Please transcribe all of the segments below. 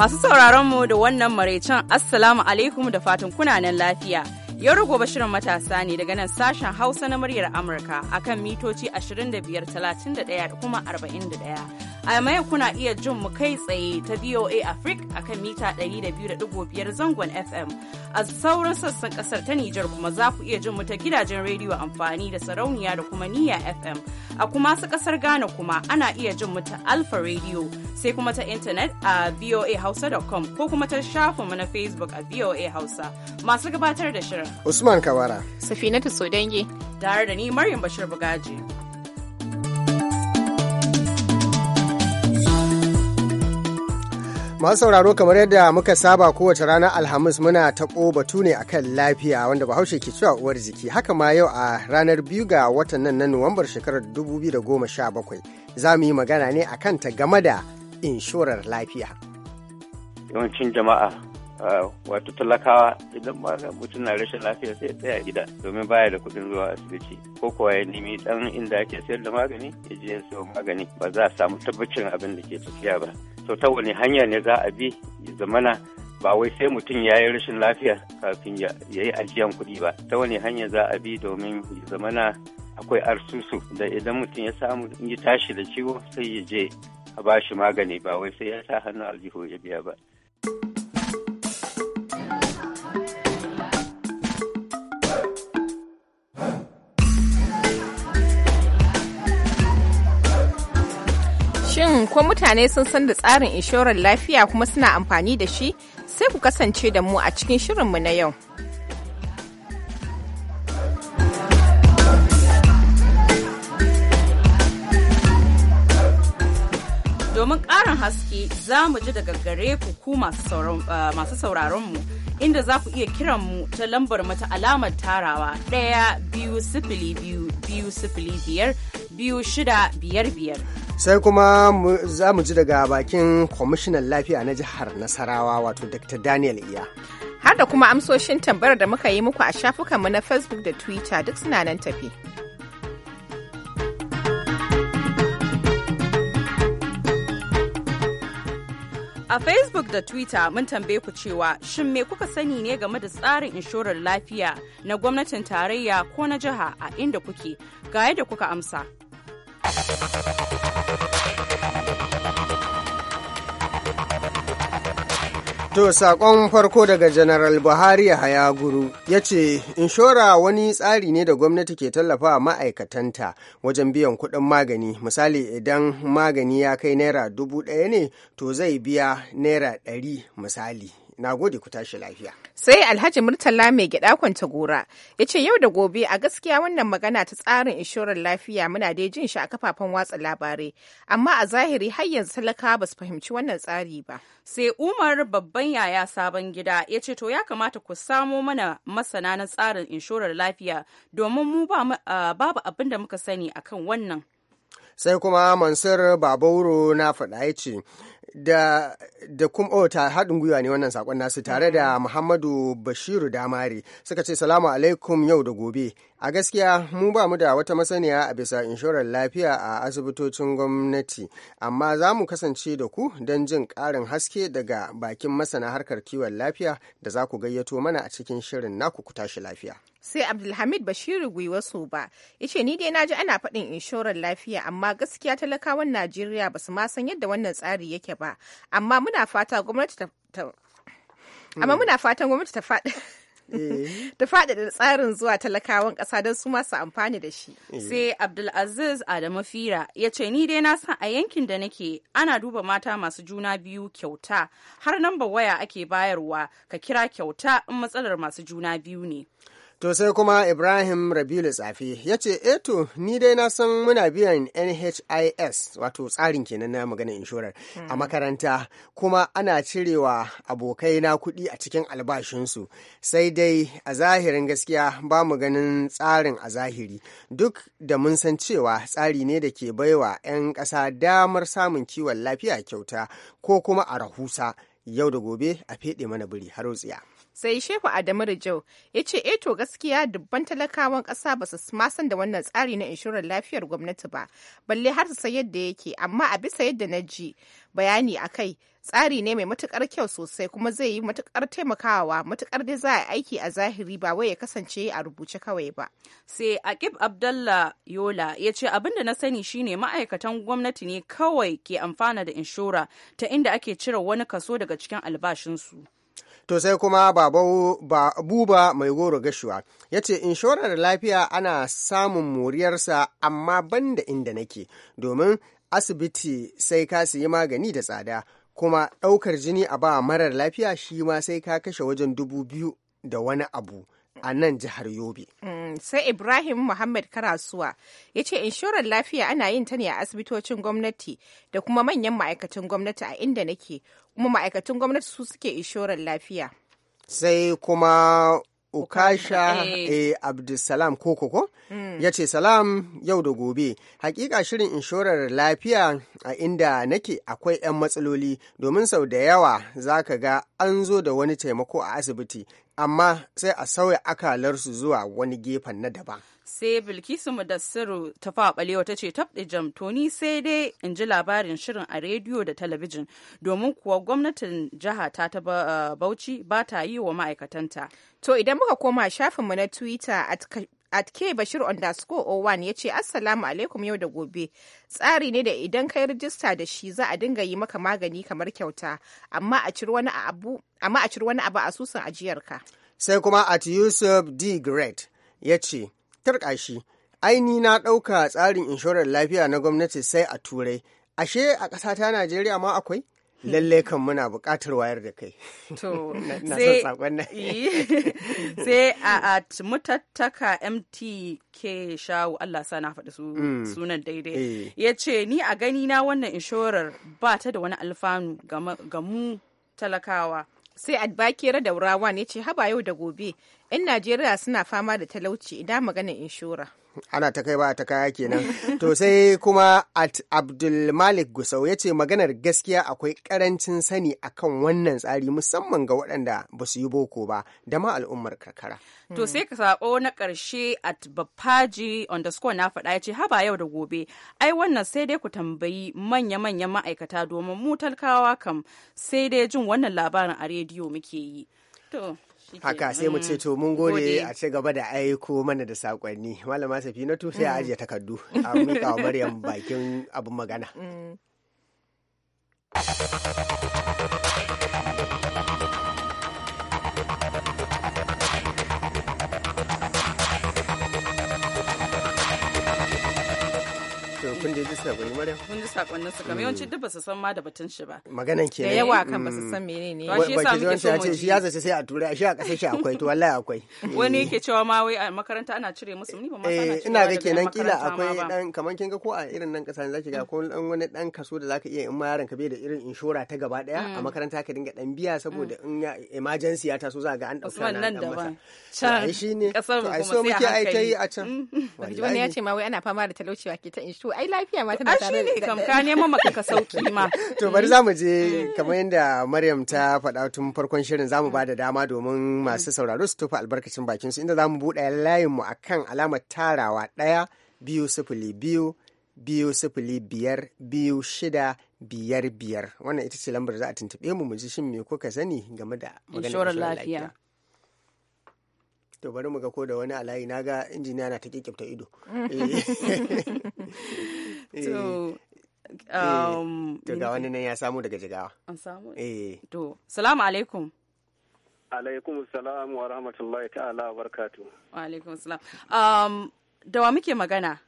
Masu sauraron mu da wannan maraicen Assalamu alaikum da fatan kunanan lafiya. Yau gobe shirin matasa ne daga nan sashen Hausa na muryar Amurka akan mitoci 25, 31 da kuma 41. A kuna iya jin mu kai tsaye ta VOA Africa kan mita 200.5 zangon FM. A sauran sassan kasar ta Nijar kuma za ku iya jin mu ta gidajen rediyo amfani da sarauniya da kuma niyya FM. A kuma su kasar Ghana kuma ana iya jin mu ta Alfa Radio sai kuma ta intanet a voahausa.com ko kuma ta shafinmu na Facebook a VOA Hausa. Masu gabatar da shirin. Usman Kawara. Safinatu Sodange. Tare da ni Maryam Bashir Bugaji. Masu sauraro kamar yadda muka saba kowace ranar Alhamis muna taɓo batu ne akan lafiya wanda Bahaushe ke cewa uwar jiki. Haka ma yau a ranar biyu ga watan nan na Nuwambar shekarar 2017 za mu yi magana ne akan ta game da inshorar lafiya. Yawancin jama'a ah, wato talakawa idan mutum na rashin lafiya sai tsaya gida domin baya da kuɗin zuwa asibiti ko kuwa ya nemi dan inda ake sayar da magani ya je ya magani ba za a samu tabbacin abin da ke tafiya ba to ta wani hanya ne za a bi zamana ba wai sai mutum ya yi rashin lafiya kafin ya yi ajiyan kuɗi ba ta wani hanya za a bi domin zamana akwai arsusu da idan mutum ya samu in ya tashi da ciwo sai ya je a ba shi magani ba wai sai ya sa hannu aljihu ya biya ba kuwa mutane sun san da tsarin inshorar lafiya kuma suna amfani da shi sai ku kasance da mu a cikin shirinmu na yau. domin ƙarin haske za mu ji daga gare ku ku masu eh, sauraronmu inda za ku iya kiran mu ta lambar mata alamar tarawa ɗaya biyu sifili biyu biyu sifili biyar biyu shida biyar biyar sai kuma za mu ji daga bakin kwamishinan lafiya na jihar nasarawa wato dr daniel iya har da kuma amsoshin tambayar da muka yi muku a shafukanmu na facebook da twitter duk suna nan tafi A Facebook da Twitter mun tambaye ku cewa shin me kuka sani ne game da tsarin inshorar lafiya na gwamnatin tarayya ko na jiha a inda kuke ga yadda kuka amsa. To saƙon farko daga General Buhari Yahaya Guru ya ce, Inshora wani tsari ne da gwamnati ke tallafa ma'aikatanta wajen biyan kuɗin magani. Misali idan magani ya kai naira dubu ɗaya ne, to zai biya naira ɗari misali. Na gode ku tashi lafiya. sai alhaji murtala mai gida kwanta gora ya ce yau da gobe a gaskiya wannan magana ta tsarin inshorar lafiya muna dai jin shi a kafafen watsa labarai amma a zahiri har yanzu talakawa ba su fahimci wannan tsari ba sai umar babban yaya sabon gida ya ce to ya kamata ku samo mana masana na tsarin inshorar lafiya domin mu babu abin da muka sani akan wannan sai kuma mansur babauro na faɗa ya ce da da kuma oh, ta haɗin gwiwa ne wannan sakon nasu tare da mm. Muhammadu Bashiru Damare suka ce salamu alaikum yau da gobe a gaskiya mu ba mu da wata masaniya a bisa inshorar lafiya a asibitocin gwamnati amma za mu kasance da ku don jin ƙarin haske daga bakin masana harkar kiwon lafiya da za ku gayyato mana a cikin shirin naku ku tashi lafiya sai abdulhamid bashiru wasu ba yace ni dai na ji ana faɗin inshorar lafiya amma gaskiya talakawan najeriya ba su ma san yadda wannan tsari yake ba amma muna fata gwamnati ta hmm. gwamnati ta faɗi Eh. da faɗaɗa tsarin zuwa talakawan ƙasa don su masu amfani da shi. Eh. Sai Abdulaziz Adamu Fira ya ce ni dai na san a yankin da nake ana duba mata masu juna biyu kyauta har namba waya ake bayarwa ka kira kyauta in matsalar masu juna biyu ne. To sai kuma Ibrahim Rabilu Tsafi ya ce, Eto, eh ni dai na san muna biyan NHIS, wato tsarin kenan na maganin inshorar, a hmm. makaranta, kuma ana cirewa abokai na kuɗi a cikin albashinsu, sai dai a zahirin gaskiya ba mu ganin tsarin a zahiri, duk da mun san cewa tsari ne da ke baiwa 'yan ƙasa damar samun kiwon lafiya kyauta ko kuma a rahusa, yau da gobe a feɗe mana biri har sai shehu adamu rijau ya ce eto eh gaskiya dubban talakawan ƙasa ba su san da wannan tsari na inshorar lafiyar gwamnati ba balle har su san yadda yake amma a bisa yadda na ji bayani a kai tsari ne mai matukar kyau sosai kuma zai yi matukar taimakawa matukar dai za a aiki a zahiri ba wai ya kasance a rubuce kawai ba sai akib abdallah yola ya ce abin da na sani shine ma'aikatan gwamnati ne kawai ke amfana da inshora ta inda ake cire wani kaso daga cikin albashinsu To sai kuma ba mai goro gashuwa ya ce inshorar lafiya ana samun moriyarsa amma banda inda nake domin asibiti sai ka yi magani da tsada kuma ɗaukar jini a ba marar lafiya shi ma sai ka kashe wajen dubu biyu da wani abu. a nan jihar Yobe. Mm, sai Ibrahim Muhammad Karasuwa ya ce inshorar lafiya ana yin ta ne a asibitocin gwamnati da kuma manyan ma'aikatan gwamnati a inda nake kuma ma'aikatan gwamnati su suke inshorar lafiya. Sai kuma Ukasha e Abdulsalam Kokoko mm. ya ce salam yau da gobe hakika shirin inshorar lafiya a inda nake akwai 'yan matsaloli domin sau da yawa za ka ga an zo da wani taimako a asibiti amma sai a sauya akalarsu zuwa wani gefen na daban. sai bilkisu da mudassiru ta fa balewa ta ce tabɗe jam to ni sai dai in ji labarin shirin a rediyo da talabijin domin kuwa gwamnatin jiha ta ta eh, bauchi ba ta yi wa ma'aikatanta to idan muka koma shafinmu na twitter at at k bashir underscore o ya ce assalamu alaikum yau da gobe tsari ne da idan kai rijista da shi za a dinga yi maka magani kamar kyauta amma a ciri wani abu a asusun ajiyarka sai kuma at yusuf d great ya ce turkashi aini na ɗauka tsarin inshorar lafiya na gwamnati sai a turai ashe a ƙasata najeriya ma akwai lalle kan muna buƙatar wayar da kai to sai a at mutattaka mtk shawu allah sa na faɗi mm. sunan daidai eh. ya ce ni a gani na wannan inshorar ba ta da wani alfanu ga mu talakawa sai adbakira da rawan ya ce haba yau da gobe 'Yan Najeriya suna fama da talauci idan maganin inshora. ana ta kai ba ta kaya kenan to sai kuma at abdulmalik gusau ya ce maganar gaskiya akwai karancin sani akan wannan tsari musamman ga waɗanda ba su yi boko ba da ma al'ummar karkara to sai ka sako na ƙarshe at bafaji underscore na faɗa ya ce haba yau da gobe ai wannan sai dai ku tambayi manya-manyan ma'aikata domin mu talkawa kam sai dai jin wannan labarin a rediyo muke yi to haka sai mu ce to mun gode a ci gaba da aiko mana da sakonni malama safinatu sai a mm. ajiye takardu a miƙa wa maryam bakin abin magana mm. kun je ji sakonni mariya kun ji sakonnin su kamar mm. yawanci duk ba su san ma da batun shi ba maganan ke da yawa kan mm. ba su san menene ba shi yasa muke so mu ji ya zace sai a a shi a kasashe akwai to wallahi akwai wani yake cewa ma wai a makaranta ana cire musu ni ba ma sana eh, ina ga kenan kila akwai dan kamar kin ga ko a irin nan kasan zaki ga ko dan wani dan kaso da zaka iya in ma yaron ka bai da irin inshora ta gaba daya a mm. makaranta ka dinga dan biya saboda in ya emergency ya taso za ga an dauka na dan masa can shine kasar kuma sai a kai a can wani ya ce ma wai ana fama da talaucewa ke ta inshora ai lafiya ma tana tare da kam ka nemo maka ka sauki ma to bari zamu je mm. kamar yadda Maryam ta faɗa tun farkon shirin zamu mm. ba da dama domin mm. masu sauraro su tofa albarkacin bakin su inda zamu buɗe layin mu akan alamar tarawa ɗaya biyu sifili biyu biyu sifili biyar biyu shida biyar biyar wannan ita ce lambar za a tuntuɓe mu mu ji shin me ko ka sani game da maganar lafiya to bari mu ga ko da wani alayi na ga injiniya na ta kyakkyafta ido eh. Eh, to eh, um to ga wani nan ya samu daga jigawa an samu eh to salamu alaikum alaikum salam wa rahmatullahi ta'ala wa barakatu wa alaikum salam um da wa muke magana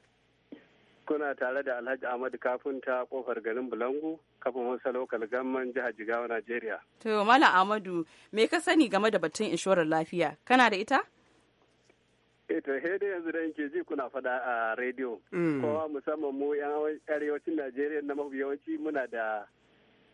kuna tare da alhaji ahmad ta kofar garin bulangu kafin wasu lokal gamman jihar jigawa najeriya to malam ahmadu me ka sani game da batun inshorar lafiya kana da ita Eh, to he da yanzu da yake ji kuna fada a rediyo. Mm. Kowa musamman mu 'yan arewacin Najeriya na mafi yawanci muna da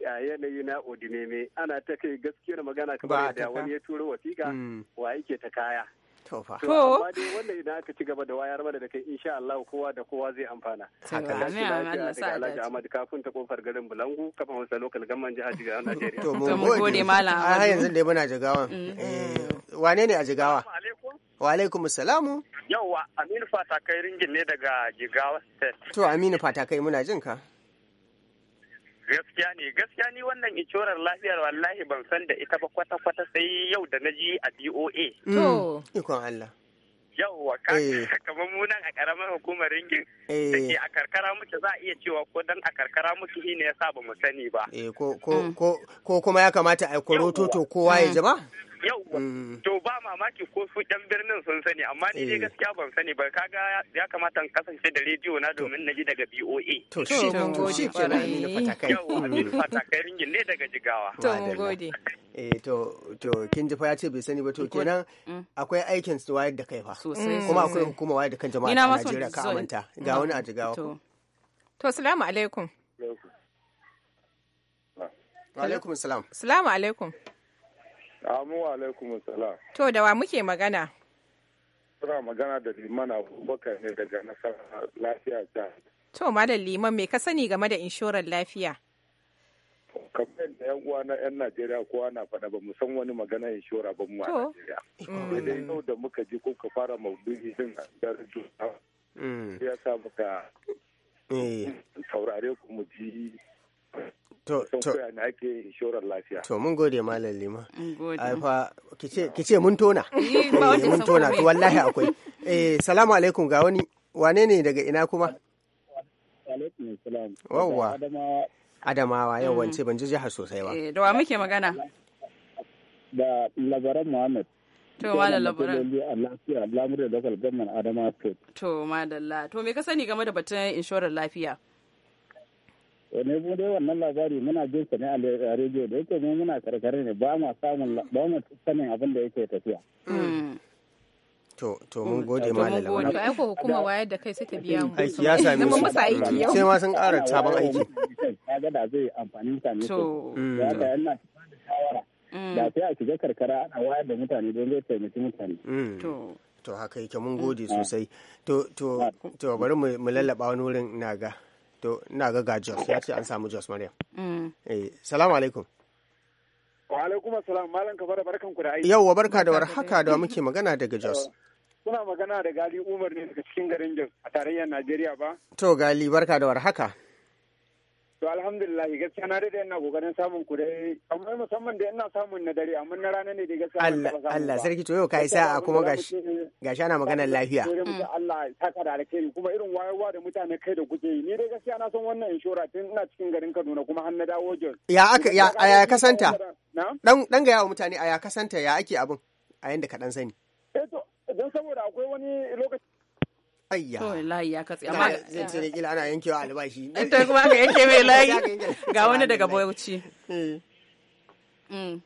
a yanayi na odineme ana ta kai gaskiyar magana kamar da wani ya turo wasiƙa mm. wa yake ta kaya. To Amma dai wannan idan aka ci gaba da wayar mana da kai insha Allah kowa da kowa zai amfana. Haka ne. Amin sa Alhaji Ahmad kafin ta kofar garin Bulangu kafa Hausa local government jihar Jigawa Najeriya. To mu gode malam. A yanzu dai muna Jigawa. Mm. Eh, wane ne a Jigawa? Wa alaikum salamu. Yawwa Aminu Fatakai ringin ne daga Jigawa State. To Aminu Fatakai muna jin ka. Gaskiya ne, gaskiya ni wannan inshorar lafiyar wallahi ban san da ita ba kwata-kwata sai yau da na ji a doa. Mm, to. Ikon Allah. yauwa eh. kamar munan a karamar hukumar ringin da eh. ke a karkara muke za a iya cewa ko dan a karkara muke ne ya sa ba mu sani ba eh, mm. ko kuma ya kamata a koroto kowa ya mm. jama yau mm. to ba mamaki ko su ɗan birnin sun sani amma ni dai eh. gaskiya ban sani ba kaga ya kamata in kasance da rediyo na domin na ji daga BOA to shi to shi ke na Aminu Fatakai yau ni Fatakai ringin ne daga Jigawa to gode eh to to kin ji fa ya ce bai sani ba to kenan mm. akwai aikin su wayar da kai fa kuma akwai hukuma wayar da kan jama'a a Najeriya ka amanta ga wani a Jigawa to assalamu alaikum alaikum salam salamu alaikum Amu alaikum salam. To da wa muke magana? Suna magana da liman abubakar ne daga nasarar lafiya ta. To ma da liman me ka sani game da inshorar lafiya? kamar da yan uwa na yan Najeriya kowa na faɗa ba mu san wani magana inshora ba mu a Najeriya. Mm. Idan yau da muka ji ko ka fara maudu'i din juna. Mm. ya sa muka eh. saurare ku mu ji To na ake inshorar lafiya. To mun gode Malam Lima. Aifa ki ce mun tona. Eh, mun tona to wallahi akwai. Eh salamu alaikum ga wani wane ne daga ina kuma? Alaikum Wawwa. Adamawa yau wance mm. ban ji jihar sosai ba. Eh, da wa muke magana? Da labaran Muhammad. To da labaran. To madalla. To me ka sani game da batun inshorar lafiya? Eh, ne mu dai wannan labari muna jin sa ne a rediyo da yake mu muna karkare ne ba mu samun ba mu sanin abin da yake tafiya hmm. to to mun gode malama to ai ko hukuma wayar da kai sai ta biya mu aiki ya same mu musu aiki yau sai ma sun ƙara sabon aiki ga da zai amfani mutane to ya ga yana shawara hmm. da sai a shiga karkara ana wayar da mutane don zai taimaki mutane hmm. to to haka yake mun gode sosai to to to bari mu lallaba wani wurin na ga to ina ga ga jos ya ce an samu jos maryam mm. eh salamu alaikum wa alaikum assalam malam ka bada barkan ku da aiki yauwa barka da warhaka da muke magana daga jos suna magana da gali umar ne daga cikin garin jos a tarayyar najeriya ba to gali barka da warhaka To alhamdulillah gaskiya na daɗe ina kokarin samun ku dai amma musamman da ina samun na dare amma na rana ne da gaskiya Allah Allah sarki to yau kai sa'a kuma gashi gashi ana maganar lafiya mm. Allah saka da alkhairi kuma irin wayewa da mutane kai da kuke ni dai gaskiya na san wannan inshora tun ina cikin garin Kaduna kuma har na dawo Jos ya aka ya ya kasanta dan dan ga yawo mutane a ya kasanta ya ake abun a yanda ka dan sani eh to don saboda akwai wani lokaci Ayya. Kawai layi ya katse. Amma zan ce da kila ana yankewa albashi. Ita kuma ka yanke mai layi. Ga wani daga Bauchi. Eh. Mm.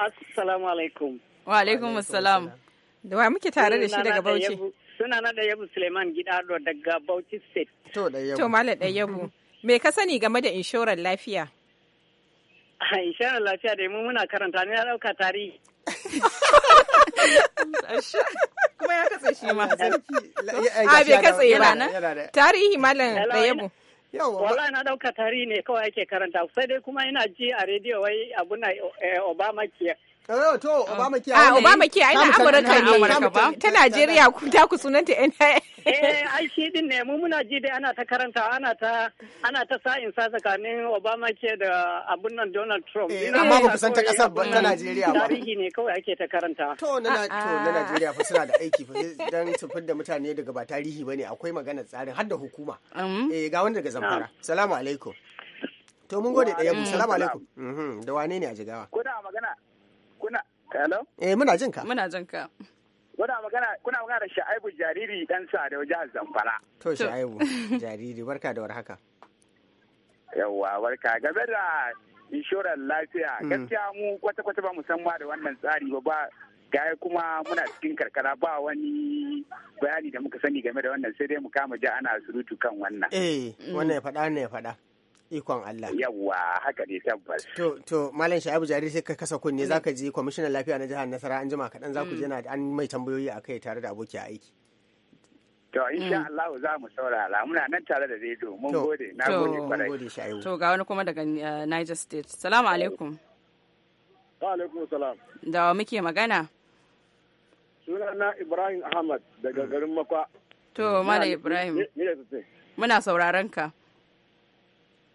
Assalamu alaikum. Wa alaikum assalam. Da wa muke tare da shi daga Bauchi? Suna na da Yabu Suleiman Gidado daga Bauchi State. To da Yabu. To Malam da Yabu. Me ka sani game da inshorar lafiya? Ah, inshorar lafiya da mu muna karanta ne na dauka tarihi. kuma ya katse shi ma a ah, bai katse na tarihi malam yabo. wallahi na dauka tarihi ne kawai ake karanta sai dai kuma ina ji a rediyo wai abu na eh, obama kiya Eh, to Obama ke ah, a Obama kiya ina Amurka ne ta Najeriya ku ta ku sunanta NIA eh ai shi din ne mu muna ji dai ana ta karanta ana ta ana ta sa'in sa tsakanin Obama ke da abun nan Donald Trump eh, amma ba ku san ta kasar ba ta Najeriya ba tarihi ne kawai ake ta karanta to na to na ah, ah. Najeriya fa suna da aiki fa dan tufin da mutane daga ba tarihi bane akwai magana tsarin har da hukuma mm-hmm. eh ga wanda daga Zamfara salamu alaikum to mun gode da yabo salamu alaikum mhm, da wane ne a jigawa ko da Hello? Eh muna jin ka. Muna jin ka. Kuna magana kuna magana da Sha'ibu jariri dan sa da jihar Zamfara. To Sha'ibu jariri barka da warhaka. Yawwa barka game da inshorar lafiya mm. gaskiya mu kwata kwata ba mu san ma da wannan tsari ba ba gaya kuma muna cikin karkara ba wani bayani da muka sani game da wannan sai dai mu kama ji ana surutu kan wannan. Eh mm. wannan ya faɗa ne ya faɗa. ikon Allah yawwa haka ne tabbas to to malam Sha'ibu Jari sai ka kasa kunne zaka ji kwamishinan lafiya na jihar Nasara an jima kaɗan zaku mm. je na an mai tambayoyi a kai tare da aboki aiki To insha mm. Allah za mu saurara muna nan tare da rediyo mun gode na gode kwarai. To ga wani kuma daga uh, Niger State. Salamu alaikum. Wa alaikum salam. Da muke magana? Sunana Ibrahim Ahmad daga mm. garin Makwa. To Mala Ibrahim. Muna sauraron ka.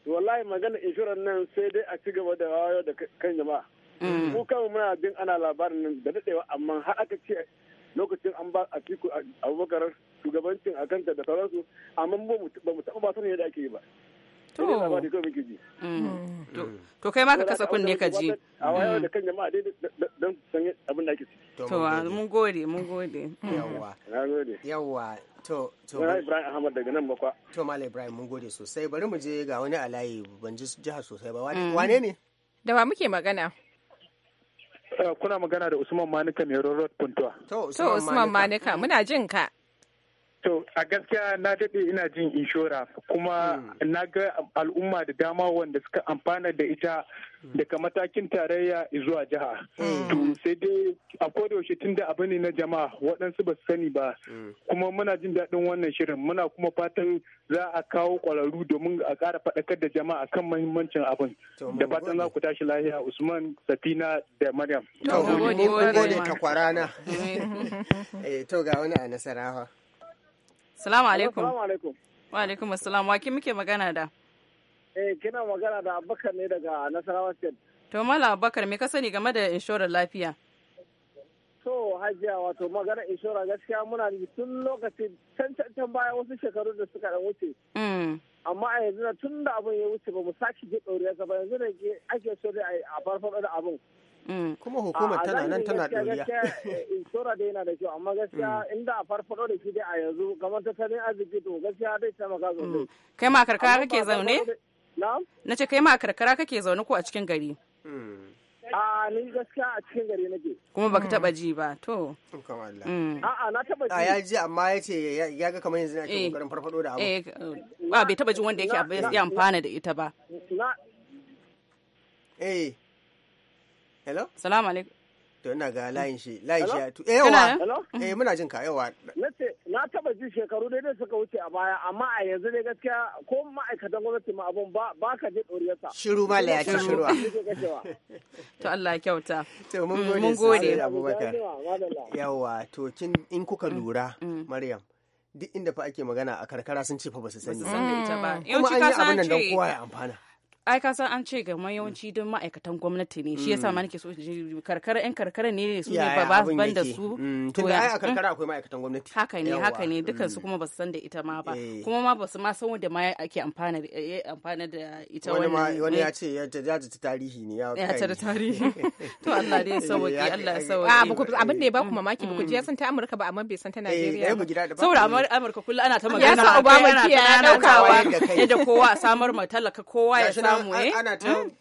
wallahi magana inshoran nan sai dai a ci gaba da wayo da kan jama'a mm. mu kan muna bin ana labarin nan da dadewa amma har aka ce lokacin an ba Atiku Abubakar shugabancin a kanta da sauransu amma ba mu taɓa ba ne yadda ake yi ba to labari kawai muke ji mm. Mm. to kai ma ka kasa kunne ka ji a wayar mm. da kan jama'a dai don san abin da ake ciki to ah, mun gode mun gode yawwa yawwa to to Ibrahim Ahmad daga nan makwa to Malam Ibrahim mun gode sosai bari mu je ga wani alayi ban ji jihar sosai ba wane ne da ba muke magana eh, kuna magana da Usman Manika ne Road Puntuwa to Usman Manika muna jin ka To a gaskiya na daɗe ina jin inshora kuma hmm. na ga al'umma da dama wanda suka amfana da ita hmm. daga matakin tarayya zuwa jiha. Hmm. To sai dai a kodayaushe tun da abu ne na jama'a waɗansu ba su sani ba kuma muna jin daɗin wannan shirin muna kuma fatan za a kawo ƙwararru domin a ƙara faɗakar da jama'a kan mahimmancin abin. Da fatan za ku tashi lahiya Usman Safina da Maryam. To, eh, ga wani a Nasarawa. Salamu alaikum. Salamu alaikum. Wa alaikum assalam. Wa ke muke magana da? Eh kina magana da Abubakar ne daga Nasarawa State. To Mala Abubakar me ka sani game da inshorar lafiya? To Hajiya wato magana inshora gaskiya muna da tun lokaci can can baya wasu shekaru da suka dan wuce. Mm. Amma a yanzu tun da abin ya wuce ba mu sake ji ɗauriya ba yanzu ne ake so dai a farfaɗo da abin. Mm. kuma hukumar tana nan tana ɗoriya inshora eh, eh, da yana da kyau amma gaskiya mm. inda a farfado da shi dai a yanzu kamar tattalin arziki to gaskiya dai taimaka mm. sosai kai ma karkara kake zaune na ce kai ma karkara kake zaune ko a cikin gari a ni gaskiya a cikin gari nake kuma baka taba ji ba to a'a na taba ji a ya ji amma ya ce ya ga kamar yanzu na eh. ke kokarin farfado da abu ba bai taba ji wanda yake amfana da ita ba eh hello salamu alaikum to ina ga layin shi layin shi ya tu eh yawa eh muna jin ka yawa nace na taba ji shekaru daidai suka wuce a baya amma a yanzu dai gaskiya ko ma'aikatan gwamnati ma abun ba ba ka je doriyarsa shiru ma la ya ci shiru to Allah ya kyauta to mun mm, gode mun gode Abubakar yawa to kin in kuka mm, lura mm. Maryam duk inda fa ake magana a karkara sun ce fa ba su sani ba kuma an yi abin nan don kowa ya amfana ai ka san an ce ga yawanci don ma'aikatan gwamnati ne shi yasa ma mm. nake so karkara yan karkara ne su ne ba ban da su mm, to ai a karkara akwai ma'aikatan gwamnati haka ne haka ne dukkan su mm. kuma ba su san da ita ma ba eh. kuma ma ba su ma san wanda ma ake amfana eh, eh, amfana da ita wannan wani ya ce ya jaji tarihi ne ya ta tarihi to Allah dai sauki Allah sauki ah, abin da ya ba ku mamaki ba ku ji ya san ta Amurka ba amma bai san ta Najeriya ba saboda Amurka kullu ana ta magana ya san Obama kiyaye daukawa da kowa samar ma talaka kowa ya samu samu eh ana ta mm.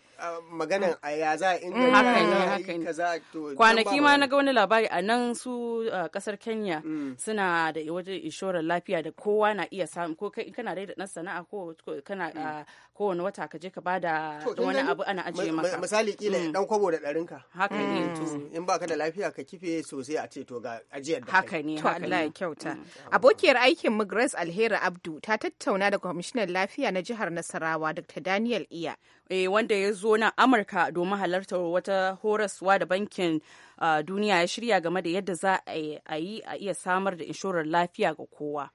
maganan a ya za a inganta mm. kwanaki ma na ga wani labari a nan su kasar Kenya mm. suna da wajen inshorar lafiya da kowa na iya samu ko kana da na sana'a ko kana kowane wata ka je ka bada wani abu ana ajiye maka misali kila dan mm. kwabo da ɗarinka haka ne mm. to mm. in baka da lafiya ka kife sosai a ce to ga ajiyar da haka ne Allah ya kyauta abokiyar aikin mu Grace Alheri Abdu ta tattauna da kwamishinan lafiya na jihar Nasarawa Dr. Daniel Iya eh wanda ya zo na Amurka domin halartar wata horaswa da bankin uh, duniya ya shirya game da yadda za a yi a iya samar da inshorar lafiya ga kowa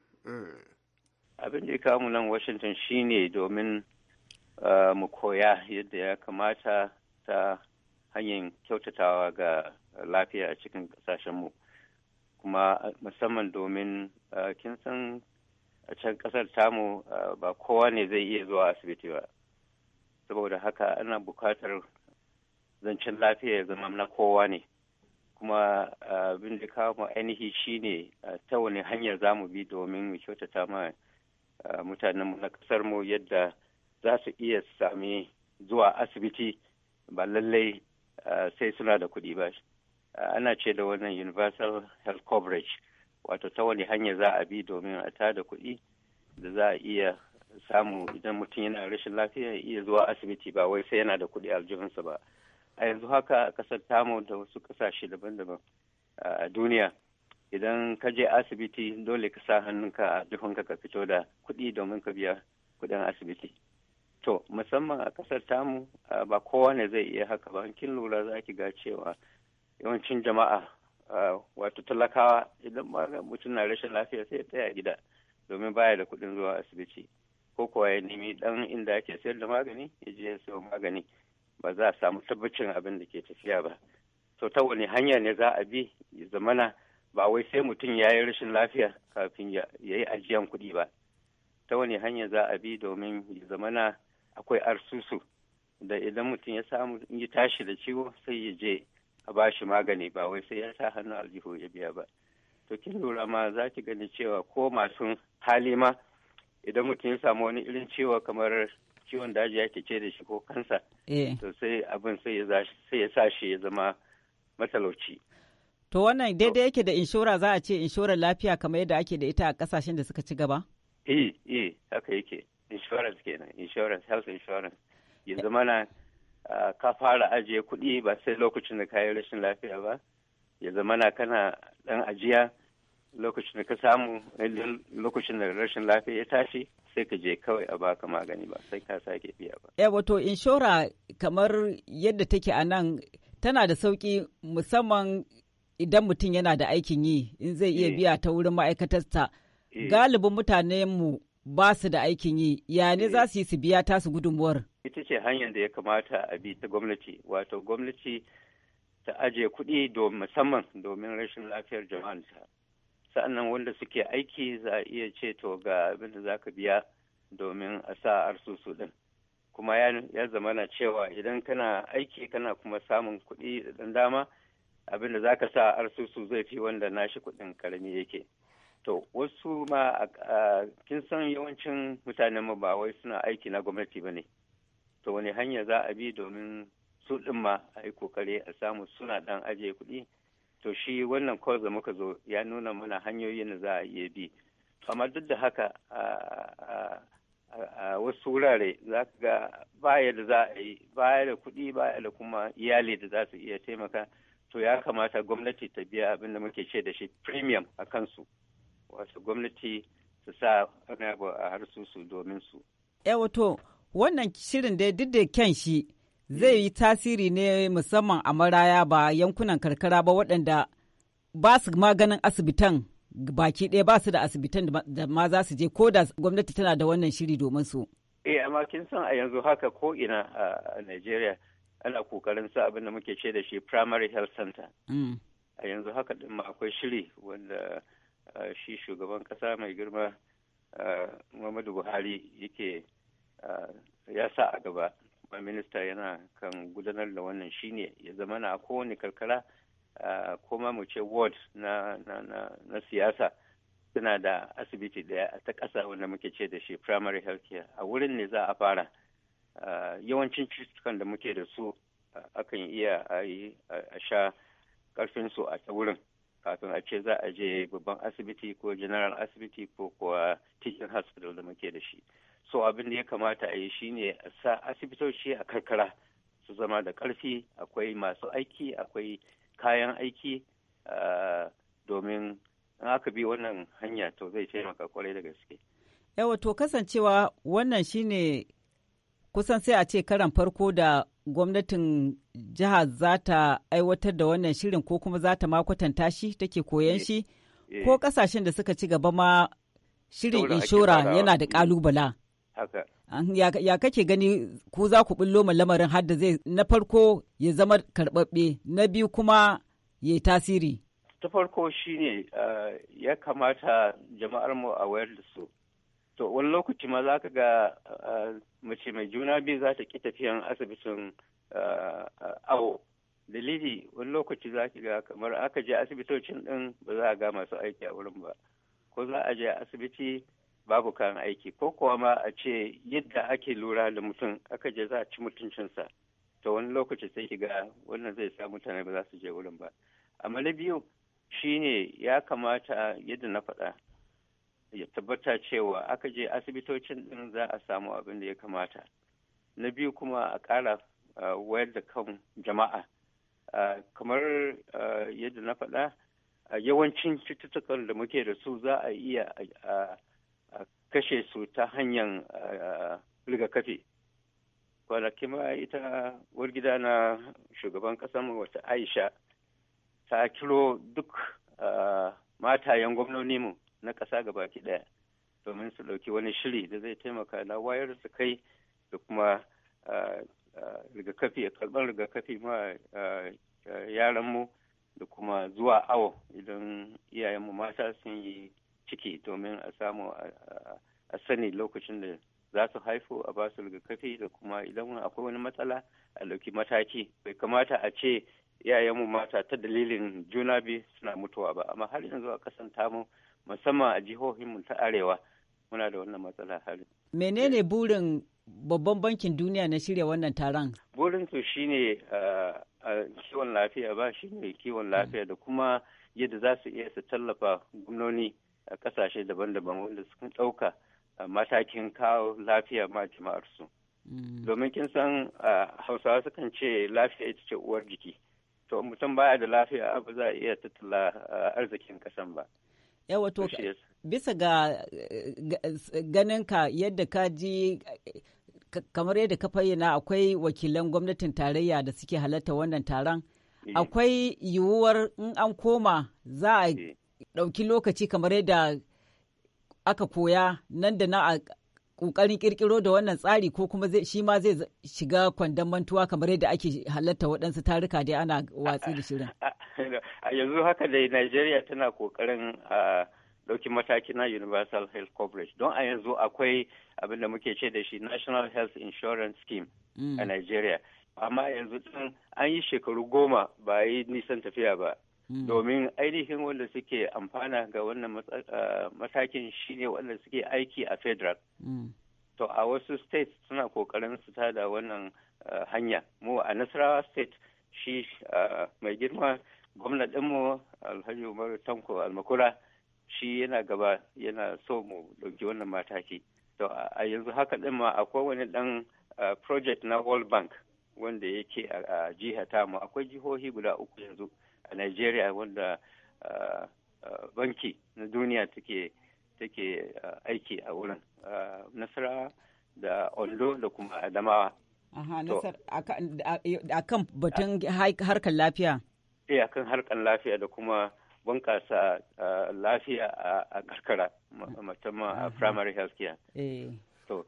abin da ya kamu nan Washington shine domin Eh, mu koya yadda ya kamata ta hanyar kyautatawa ga lafiya a cikin mu kuma eh, musamman domin eh, kin san a can ƙasar tamu ba kowa ne zai iya zuwa asibiti ba saboda haka ana bukatar zancen lafiya ya zama na kowa ne kuma abin da kawo mu ainihi shine ta wani hanyar zamu bi domin mu kyautata ma mutanenmu na kasar mu yadda za su iya sami zuwa asibiti ba lallai eh, sai suna da kuɗi ba eh, ana ce da wannan universal health coverage wato ta wani hanya za a bi domin a ta da kuɗi da za a iya samu idan mutum yana rashin lafiya ya iya zuwa asibiti ba wai sai yana da kuɗi aljihunsa ba a yanzu haka a ƙasar tamu da wasu ƙasashe daban-daban eh, a duniya idan ka je asibiti dole ka sa hannunka a duhunka ka fito da kuɗi domin ka biya kuɗin asibiti To musamman a ƙasar tamu ba kowa ne zai iya haka ba kin lura za ki ga cewa yawancin jama'a wato talakawa idan mutum na rashin lafiya sai ya tsaya gida domin baya da kuɗin zuwa asibiti ko kuwa ya nemi ɗan inda ake sayar da magani ya je ya sayo magani ba za a samu tabbacin abin da ke tafiya ba. To ta wani hanya ne za a bi ya zamana ba wai sai mutum ya yi rashin lafiya kafin ya yi ajiyan kuɗi ba. Ta wani hanya za a bi domin ya zamana akwai arsusu da idan mutum ya samu in tashi da ciwo sai ya je a ba shi magani ba wai sai ya sa hannu aljihu ya biya ba to kin lura ma za ki gani cewa ko masu hali ma idan mutum ya samu wani irin ciwo kamar ciwon daji yake ce da shi ko kansa eh. to sai abin sai ya sa shi ya zama matalauci to wannan daidai yake da inshora za a ce inshorar lafiya kamar yadda ake da ita a kasashen da suka ci gaba eh eh haka yake insurance kenan insurance health insurance yanzu eh. mana ka fara ajiye kuɗi ba sai lokacin da kayi rashin lafiya ba ya zama na kana ɗan ajiya lokacin da ka samu lokacin da rashin lafiya ya tashi sai ka je kawai a baka magani ba sai ka sake biya ba. Eh wato inshora kamar yadda take a nan tana da sauki musamman idan mutum yana da aikin yi in zai iya eh. biya ta wurin ma'aikatarsa eh. galibin mutanen mu ba su da aikin yi ya ne za su yi su biya tasu gudunmuwar ita ce hanyar da ya kamata a bi ta gwamnati wato gwamnati ta ajiye kuɗi domin musamman domin rashin lafiyar jama'anta sa'annan wanda suke aiki za a iya ce to ga abin da za ka biya domin a sa arsusu din kuma ya zama na cewa idan kana aiki kana kuma samun kuɗi da dama abin da za ka sa arsusu zai fi wanda nashi kuɗin karami yake To wasu ma kin san yawancin mutanen mu ba wai suna aiki na gwamnati ba ne. To wani hanya za a bi domin su ɗin ma a yi kokari a samu suna ɗan ajiye kuɗi. To shi wannan kawai da muka zo ya nuna mana hanyoyin da za a iya bi. Amma duk da haka a wasu wurare za ka ga baya da za a yi baya da kuɗi baya da kuma iyali da za su iya taimaka to ya kamata gwamnati ta biya abin da muke ce da shi premium a kansu. Wasu gwamnati su sa wani a harsusu domin su. Eh, wato wannan shirin dai duk da kyan shi zai yi tasiri ne musamman a maraya ba yankunan karkara ba waɗanda ba su maganin asibitan baki ɗaya ba su da asibitan da ma za su je ko da gwamnati tana da wannan shiri domin su. Eh amma kin san a yanzu haka ko ina a Najeriya ana kokarin sa abin da muke ce da shi primary health center. Mm. A yanzu haka din akwai shiri wanda shi shugaban kasa mai girma muhammadu buhari yake ya sa a gaba minista yana kan gudanar da wannan shine ya zama na kowane karkara ko mu ce ward na, siyasa suna da asibiti daya ta ƙasa wanda muke ce da shi primary health care a wurin ne za a fara yawancin cututtukan da muke da su akan iya a sha ƙarfinsu a ta wurin kafin a ce za a je babban asibiti ko general asibiti ko kuwa teaching hospital da muke da shi so abin da ya kamata a yi shine a sa asibitoci a karkara su zama da ƙarfi akwai masu aiki akwai kayan aiki domin in aka bi wannan hanya to zai taimaka kwarai da gaske. yawa to kasancewa wannan shine kusan sai a ce karan farko da gwamnatin jiha za ta aiwatar da wannan shirin ko kuma za ta makwatanta shi take koyan eh, shi ko kasashen eh. da suka ci gaba ma shirin inshora yana da kalubala. Ya kake gani ku za ku bullo lamarin har zai na farko ya zama karɓaɓɓe na biyu kuma ya tasiri. Ta farko shine eh, ya kamata jama'ar mu a wayar da su to wani lokaci ma za ka ga eh, mace mai juna biyu za ta ƙi tafiyan asibitin eh, awo dalili wani lokaci za ki ga kamar aka je asibitocin din ba za a ga masu aiki a wurin ba ko za a je asibiti babu kayan aiki ko kuwa ma a ce yadda ake lura da mutum aka je za a ci mutuncinsa to wani lokaci sai ki ga wannan zai sa mutane ba za su je wurin ba amma na biyu ne ya kamata yadda na faɗa ya tabbata cewa aka je asibitocin din za a samu abin da ya kamata na biyu kuma a kara wayar da kan jama'a kamar yadda na faɗa yawancin cututtukan da muke da su za a iya kashe su ta hanyar rigakafi kwanaki ma ita wargida na shugaban ƙasar wata aisha ta kiro duk matayen gwamnoninmu na ƙasa baki ɗaya domin su ɗauki wani shiri da zai taimaka na wayar su kai da kuma rigakafi karɓar rigakafi ma yaranmu da kuma zuwa awo idan iyayenmu mata sun yi ciki domin a samu a sani lokacin da za su haifu a ba su rigakafi da kuma idan akwai wani matsala a ɗauki mataki bai kamata a ce iyayenmu mata ta dalilin juna biyu suna mutuwa ba amma har yanzu a kasanta mu. musamman a jihohinmu ta arewa muna da wannan matsala hali. Menene burin babban bankin duniya na shirya wannan taron? Burin su shine kiwon lafiya ba shi ne kiwon lafiya da kuma yadda za su iya su tallafa gwamnoni a kasashe daban-daban wanda sun ɗauka matakin kawo lafiya ma jama'ar su. Mm. Domin kin san Hausawa sukan ce lafiya ita ce uwar jiki. To mutum baya da lafiya abu za a iya tattala arzikin kasan ba. yawa to bisa ga ganinka yadda ka ji kamar yadda ka fayyana akwai wakilan gwamnatin tarayya da suke halatta wannan taron eh. akwai yiwuwar in an koma za a eh. ɗauki lokaci kamar yadda aka koya nan da na ƙoƙarin ƙirƙiro da wannan tsari ko kuma shi ma zai shiga kwandon mantuwa kamar yadda ake halatta waɗansu taruka dai ana watsi da shirin. yanzu haka dai Najeriya tana kokarin ɗauki mataki na universal health coverage don a yanzu akwai abin da muke ce da shi national health insurance scheme mm. a Najeriya amma yanzu an yi shekaru goma ba yi nisan tafiya ba Mm. domin ainihin wanda suke amfana ga wannan matakin shine wanda suke aiki a federal mm. to a wasu states suna kokarin su da wannan hanya mu a nasarawa state shi mai girma gwamna dinmu alhaji umar tanko almakura shi yana gaba yana so mu ɗauki wannan mataki to a yanzu haka ɗin ma akwai wani dan project na world bank wanda yake a jiha tamu akwai jihohi guda uku yanzu a Najeriya wanda uh, uh, banki na duniya take take uh, aiki a wurin nasarawa da ondo da kuma adamawa Aha, a kan batun harkar lafiya eh a kan harkar lafiya da kuma bunƙasa lafiya a karkara musamman a primary health care eh. to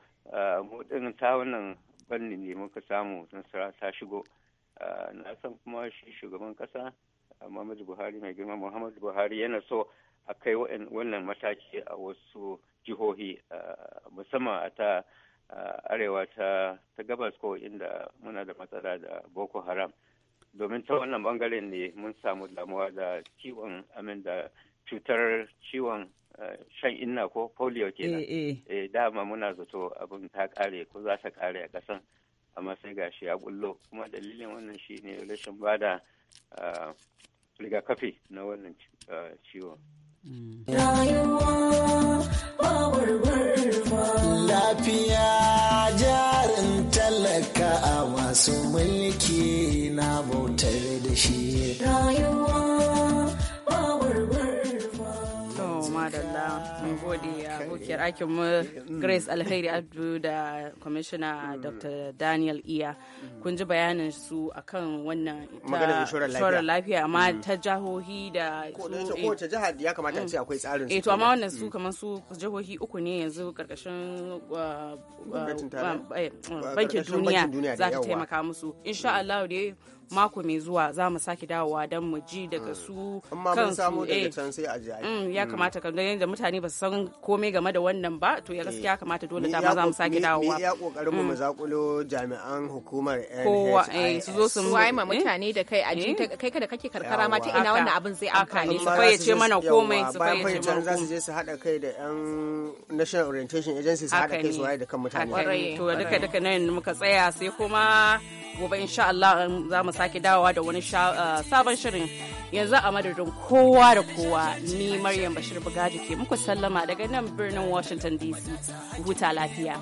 mu ta wannan banni ne muka samu nasara ta shigo na san kuma shi shugaban kasa Muhammadu Buhari mai girma Muhammadu Buhari yana so a kai wannan mataki a wasu jihohi musamman a ta arewa ta gabas ko inda muna da matsala da Boko Haram. Domin ta wannan bangaren ne mun samu damuwa da ciwon amin da cutar ciwon shan inna ko polio ke da eh, eh. eh, dama muna zato abin ta kare ko za ta kare a kasan amma sai gashi ya bullo kuma dalilin wannan shi ne rashin bada rigakafi na wannan uh, ciwon. Lafiya jarin talaka a masu mulki na bautar da shi. Rayuwa mun ah, gode abokiyar aikin mu mm. grace alheri abdu da kwamishina dr daniel iya mm. kun ji bayanin su akan wannan inshorar lafiya amma mm. ta jihohi da kowace eh, jiha ya kamata ce akwai tsarin su eh, amma wannan su kamar su jihohi uku ne yanzu karkashin uh, uh, eh, bankin duniya za ta taimaka musu insha Allah dai mako mai zuwa za mu sake dawowa don mu ji daga mm. su kansu eh. mm, ya mm. kamata ka ganin da mutane ba su san komai game da wannan ba to ya eh. gaskiya kamata dole dama za mu sake dawowa ya kokarin mu zakulo jami'an hukumar eh, NHIS su zo su ma mutane da kai a ji kai kada kake karkara ma ta ina wannan abin zai amfane su fayyace mana komai su fayyace mana komai za su je su hada kai da yan National Orientation Agency su hada kai su waye da kan mutane to duka duka nan muka tsaya sai kuma gobe insha Allah um, za mu sake dawowa da wani uh, sabon shirin yanzu a madadin kowa da kowa ni Maryam Bashir Bugaji ke muku sallama daga nan birnin Washington DC. Huta lafiya.